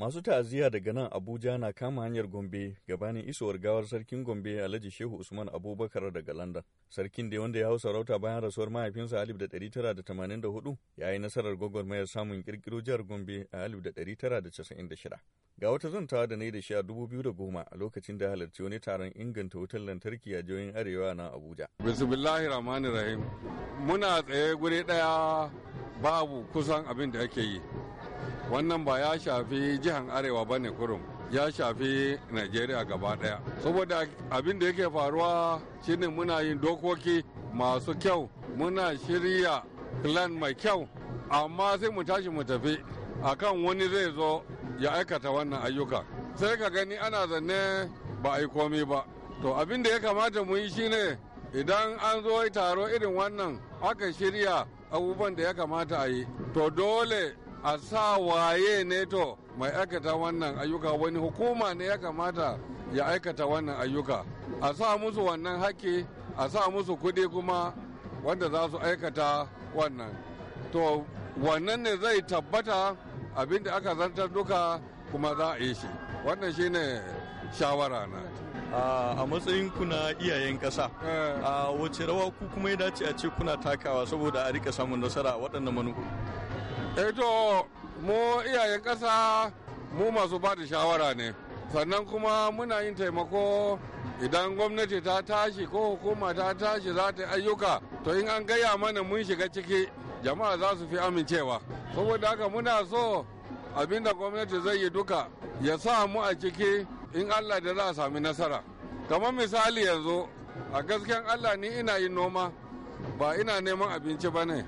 Masu ta'aziyya daga nan Abuja na kama hanyar Gombe gabanin isowar gawar sarkin Gombe Alhaji Shehu Usman Abubakar daga London. Sarkin da wanda ya hau sarauta bayan rasuwar mahaifinsa a 1984 ya yi nasarar gwagwarmayar samun kirkiro jihar Gombe a 1996. Ga wata zantawa da na yi da shi a 2010 a lokacin da halarci wani taron inganta wutar lantarki a jihohin Arewa na Abuja. Bismillahirrahmanirrahim. Muna tsaye guri ɗaya babu kusan abin da ake yi. wannan ba ya shafi jihar arewa ba ne kurum ya shafi nigeria gaba daya saboda abin da yake faruwa shine muna yin dokoki masu kyau muna shirya plan mai kyau amma sai mu tashi mu tafi akan wani zai zo ya aikata wannan ayyuka sai ka gani ana zanne ba a yi komi ba to abin da ya kamata mu yi shine idan an zo taro irin wannan aka shirya abubuwan da ya kamata a yi to dole a sa waye ne to mai aikata wannan ayyuka wani hukuma ne ya kamata ya aikata wannan ayyuka a sa musu wannan haƙƙi a sa musu kuɗi kuma wanda za su aikata wannan to wannan ne zai tabbata abinda aka zantar duka kuma za a yi shi wannan shine shawara na a matsayin kuna iyayen ƙasa eh. a wace rawa ku kuma ya dace a ce kuna takawa saboda a rika samun nasara waɗannan manufa Eh to mu iyayen ƙasa mu masu ba da shawara ne sannan kuma muna yin taimako idan gwamnati ta tashi ko hukuma ta tashi za ta ayyuka to in an gaya mana mun shiga ciki jama'a za su fi amincewa saboda haka muna so abinda gwamnati zai yi duka ya sa mu a ciki in allah da za a sami nasara kamar misali yanzu a gasken allah ni ina yin noma ba ina neman abinci ba ne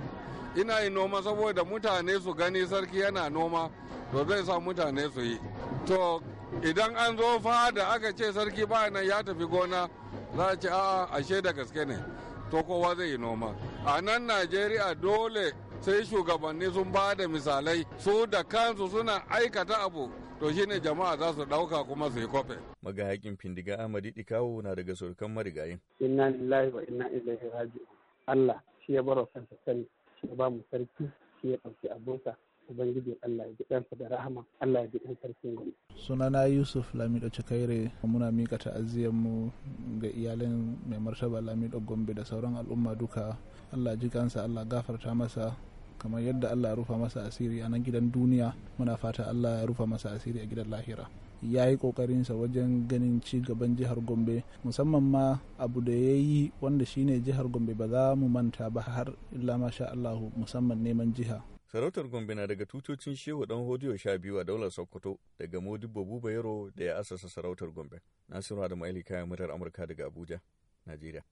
ina yi noma saboda mutane su gani sarki yana noma to zai sa mutane su yi to idan an zo fa da aka ce sarki ba nan ya tafi gona za a ce a ashe da gaske ne to kowa zai yi noma a nan najeriya dole sai shugabanni sun ba da misalai su da kansu suna aikata abu to shine jama'a za su dauka kuma su yi kofe. Magayakin findiga Amadi Dikawo na daga surukan marigayin. Inna lillahi wa inna ilaihi raji'un. Allah shi ya baro kansa sani. ya ba mu sarki shi ya ɗauki abunsa ubangiji Allah ya ji ɗansa da rahama Allah ya ji ɗan sarkin sunana yusuf lamido cikaire muna mika ta'aziyar mu ga iyalin mai martaba lamido gombe da sauran al'umma duka Allah ji kansa Allah gafarta masa kamar yadda Allah ya rufa masa asiri a nan gidan duniya muna fata Allah ya rufa masa asiri a gidan lahira. ya yi sa wajen ganin ci gaban jihar gombe musamman ma abu da ya yi wanda shine jihar gombe ba za mu manta ba har illa masha allahu musamman neman jiha sarautar gombe na daga tutocin shehu dan hodiyo sha biyu a daular sokoto daga modibo yaro da ya asasa sarautar gombe nasiru adamu ali kayan murar amurka daga abuja najeriya